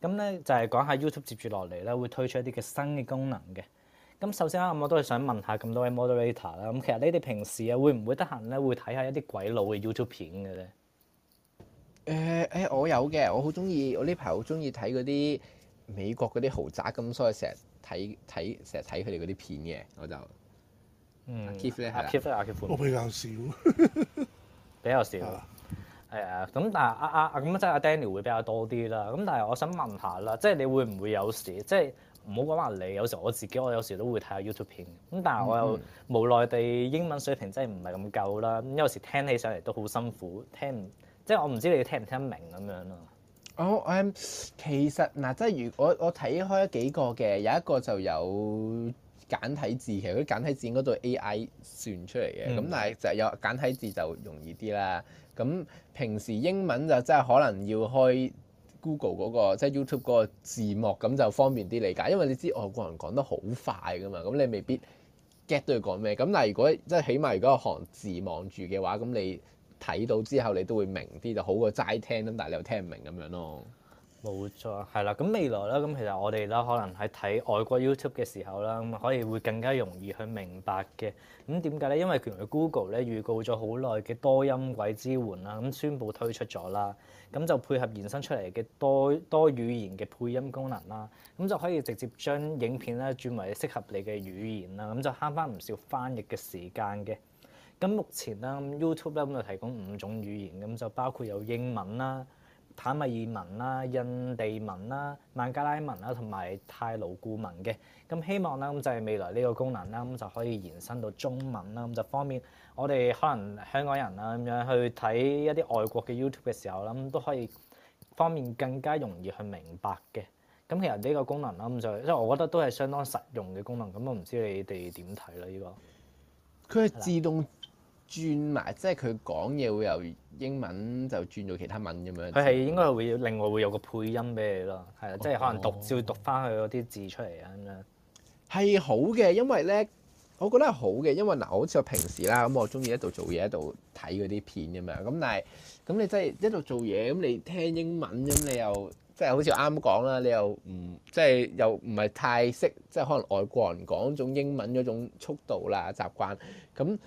咁咧就係講下 YouTube 接住落嚟咧會推出一啲嘅新嘅功能嘅。咁首先啊，我都係想問下咁多位 Moderator 啦。咁其實你哋平時啊會唔會得閒咧會睇下一啲鬼佬嘅 YouTube 片嘅咧？誒誒、呃，我有嘅，我好中意，我呢排好中意睇嗰啲美國嗰啲豪宅，咁所以成日睇睇成日睇佢哋嗰啲片嘅。我就，嗯，我比較少。 比較少，係啊，咁、啊、但係阿阿咁即係阿 Daniel 會比較多啲啦。咁但係我想問下啦，即、就、係、是、你會唔會有時即係唔好講話你，有時我自己我有時都會睇下 YouTube 片。咁但係我又、嗯、哼無奈地英文水平真係唔係咁夠啦。咁有時聽起上嚟都好辛苦，聽唔即係我唔知你聽唔聽得明咁樣咯、哦 um, 啊。我誒其實嗱，即係如果我睇開幾個嘅，有一個就有。簡體字其實嗰啲簡體字應該都係 AI 算出嚟嘅，咁、嗯、但係就係有簡體字就容易啲啦。咁平時英文就真係可能要開 Google 嗰、嗰個，即、就、係、是、YouTube 嗰個字幕咁就方便啲理解，因為你知外國人講得好快噶嘛，咁你未必 get 到佢講咩。咁但係如果即係起碼如果行字望住嘅話，咁你睇到之後你都會明啲，就好過齋聽啦。但係你又聽唔明咁樣咯。冇錯，係啦。咁未來啦，咁其實我哋啦，可能喺睇外國 YouTube 嘅時候啦，咁可以會更加容易去明白嘅。咁點解咧？因為其實 Google 咧預告咗好耐嘅多音軌支援啦，咁宣布推出咗啦。咁就配合延伸出嚟嘅多多語言嘅配音功能啦，咁就可以直接將影片咧轉為適合你嘅語言啦，咁就慳翻唔少翻譯嘅時間嘅。咁目前啦，YouTube 咧咁就提供五種語言，咁就包括有英文啦。坦米爾文啦、啊、印地文啦、啊、孟加拉文啦、啊，同埋泰盧固文嘅。咁希望啦，咁就係、是、未來呢個功能啦，咁就可以延伸到中文啦，咁就方便我哋可能香港人啦、啊，咁樣去睇一啲外國嘅 YouTube 嘅時候啦，咁都可以方便更加容易去明白嘅。咁其實呢個功能啦，咁就即係我覺得都係相當實用嘅功能。咁我唔知你哋點睇啦，呢、這個佢係自動。轉埋即係佢講嘢會由英文就轉到其他文咁樣，佢係應該係會另外會有個配音俾你咯，係啦，哦哦即係可能讀要讀翻佢嗰啲字出嚟咁樣係好嘅，因為咧我覺得係好嘅，因為嗱，好似我平時啦，咁、嗯、我中意喺度做嘢，喺度睇嗰啲片咁樣咁，但係咁、嗯、你真係喺度做嘢咁，你聽英文咁，你又即係、就是、好似啱啱講啦，你又唔即係又唔係太識即係可能外國人講種英文嗰種速度啦，習慣咁。嗯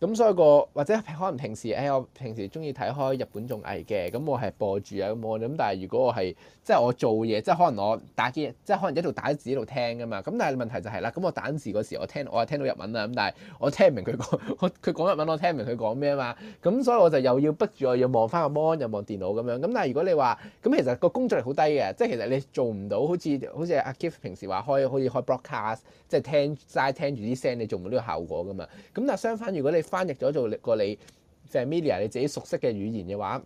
咁所以個或者可能平時誒、哎，我平時中意睇開日本綜藝嘅，咁我係播住啊咁望咁。但係如果我係即係我做嘢，即係可能我打機，即係可能一路打字一路聽噶嘛。咁但係問題就係啦，咁我打字嗰時我聽，我係聽到日文啦。咁但係我聽唔明佢講，佢講日文我聽唔明佢講咩啊嘛。咁所以我就又要逼住，我要望翻個 mon，又望電腦咁樣。咁但係如果你話，咁其實個工作力好低嘅，即係其實你做唔到好似好似阿 Kip 平時話開可以開 broadcast，即係聽齋聽住啲聲，你做唔到呢個效果噶嘛。咁但係相反，如果你翻譯咗做過你 familiar 你自己熟悉嘅語言嘅話，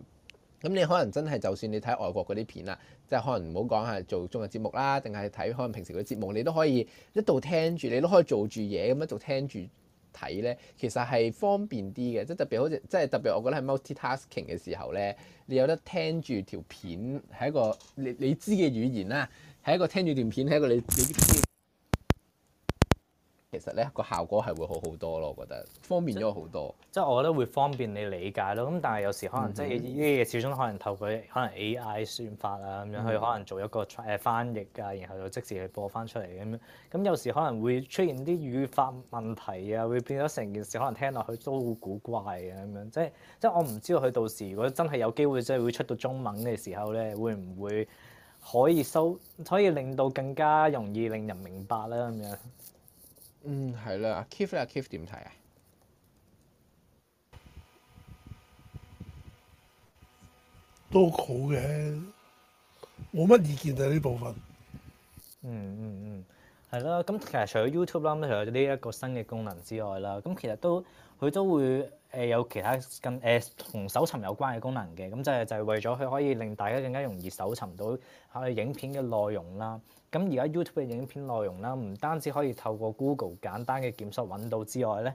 咁你可能真係就算你睇外國嗰啲片啦，即係可能唔好講係做綜藝節目啦，定係睇可能平時嘅節目，你都可以一度聽住，你都可以做住嘢咁一度聽住睇呢，其實係方便啲嘅，即係特別好似即係特別，我覺得喺 multitasking 嘅時候呢，你有得聽住條片係一個你你知嘅語言啦，係一個聽住段片，係一個你你。其實咧個效果係會好好多咯，我覺得方便咗好多。即係我覺得會方便你理解咯。咁但係有時可能即係呢啲嘢，始終、嗯、哼可能透過可能 AI 算法啊咁樣去、嗯、哼可能做一個誒、呃、翻譯㗎，然後又即時去播翻出嚟咁樣。咁有時可能會出現啲語法問題啊，會變咗成件事，可能聽落去都好古怪啊咁樣。即係即係我唔知道佢到時如果真係有機會即係會出到中文嘅時候咧，會唔會可以收可以令到更加容易令人明白啦咁樣。嗯，係啦，Keith 咧，Keith 點睇啊？都好嘅，我乜意見啊呢部分。嗯。係啦，咁其實除咗 YouTube 啦，除咗有呢一個新嘅功能之外啦，咁其實都佢都會誒有其他更誒同、呃、搜尋有關嘅功能嘅，咁就係、就係、為咗佢可以令大家更加容易搜尋到佢影片嘅內容啦。咁而家 YouTube 嘅影片內容啦，唔單止可以透過 Google 簡單嘅檢索揾到之外咧。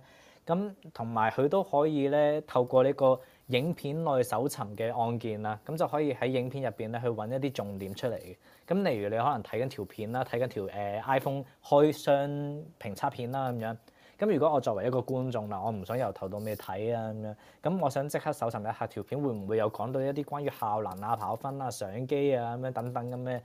咁同埋佢都可以咧，透過呢個影片內搜尋嘅按鍵，啦，咁就可以喺影片入邊咧去揾一啲重點出嚟嘅。咁例如你可能睇緊條片啦，睇緊條誒 iPhone 開箱評測片啦，咁樣。咁如果我作為一個觀眾嗱，我唔想由頭到尾睇啊，咁樣。咁我想即刻搜尋一下條片會唔會有講到一啲關於效能啊、跑分啊、相機啊咁樣等等咁嘅。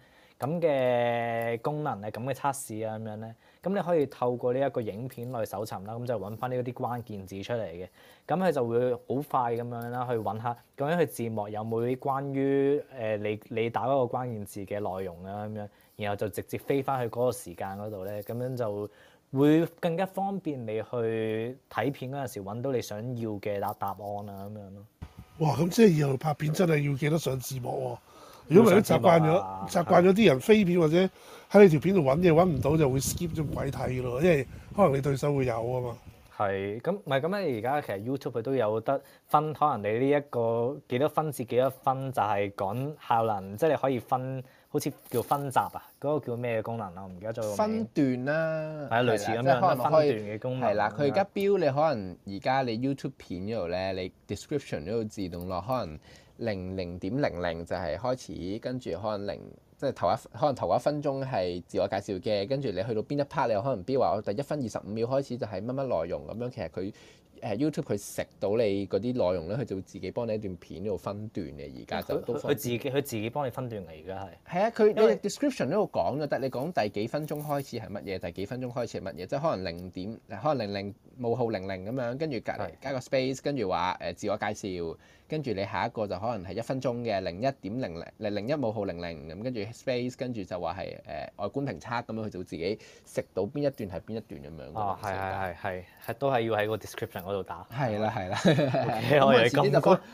咁嘅功能咧，咁嘅測試啊，咁樣咧，咁你可以透過呢一個影片去搜尋啦，咁就揾翻呢啲關鍵字出嚟嘅，咁佢就會好快咁樣啦，去揾下究竟佢字幕有冇啲關於、呃、你你打嗰個關鍵字嘅內容啊，咁樣，然後就直接飛翻去嗰個時間嗰度咧，咁樣就會更加方便你去睇片嗰陣時揾到你想要嘅答答案啊。咁樣咯。哇，咁即係以後拍片真係要記得上字幕喎、啊。如果唔係都習慣咗，習慣咗啲人飛片的或者喺你條片度揾嘢揾唔到就會 skip 咗鬼睇咯，因為可能你對手會有啊嘛。係，咁唔係咁咧？而家其實 YouTube 佢都有得分，可能你呢一個幾多分至幾多分就係講效能，即係你可以分，好似叫分集啊，嗰、嗰個叫咩功能啊？我唔記得咗。分段啦，係啊，類似咁樣嘅分段嘅功能。係啦，佢而家標你可能而家你 YouTube 片嗰度咧，你 description 都要自動落，可能。零零點零零就係開始，跟住可能零即係頭一，可能頭一分鐘係自我介紹嘅，跟住你去到邊一 part，你又可能標話我第一分二十五秒開始就係乜乜內容咁樣，其實佢。誒 YouTube 佢食到你嗰啲內容咧，佢就會自己幫你一段片度分段嘅。而家就都佢自己佢自己幫你分段嘅，而家係係啊，佢你 description 喺度講就得。你講第幾分鐘開始係乜嘢，第幾分鐘開始係乜嘢，即係可能零點，可能零零冒號零零咁樣，跟住隔離加，加個 space，跟住話誒自我介紹，跟住你下一個就可能係一分鐘嘅零一點零零零一冒號零零咁，跟住 space，跟住就話係誒外觀評測咁樣，佢就會自己食到邊一段係邊一段咁樣。哦，係係係係，都係要喺個 description。喺度係啦係啦。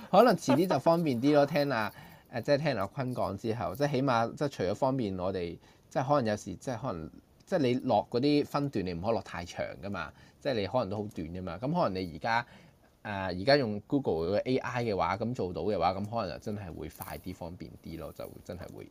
可能遲啲就方便啲咯。聽阿、啊、誒、啊，即係聽阿坤講之後，即係起碼即係除咗方便我哋，即係可能有時即係可能即係你落嗰啲分段，你唔可以落太長㗎嘛。即係你可能都好短㗎嘛。咁可能你而家誒而家用 Google 嘅 AI 嘅話，咁做到嘅話，咁可能就真係會快啲方便啲咯，就真係會。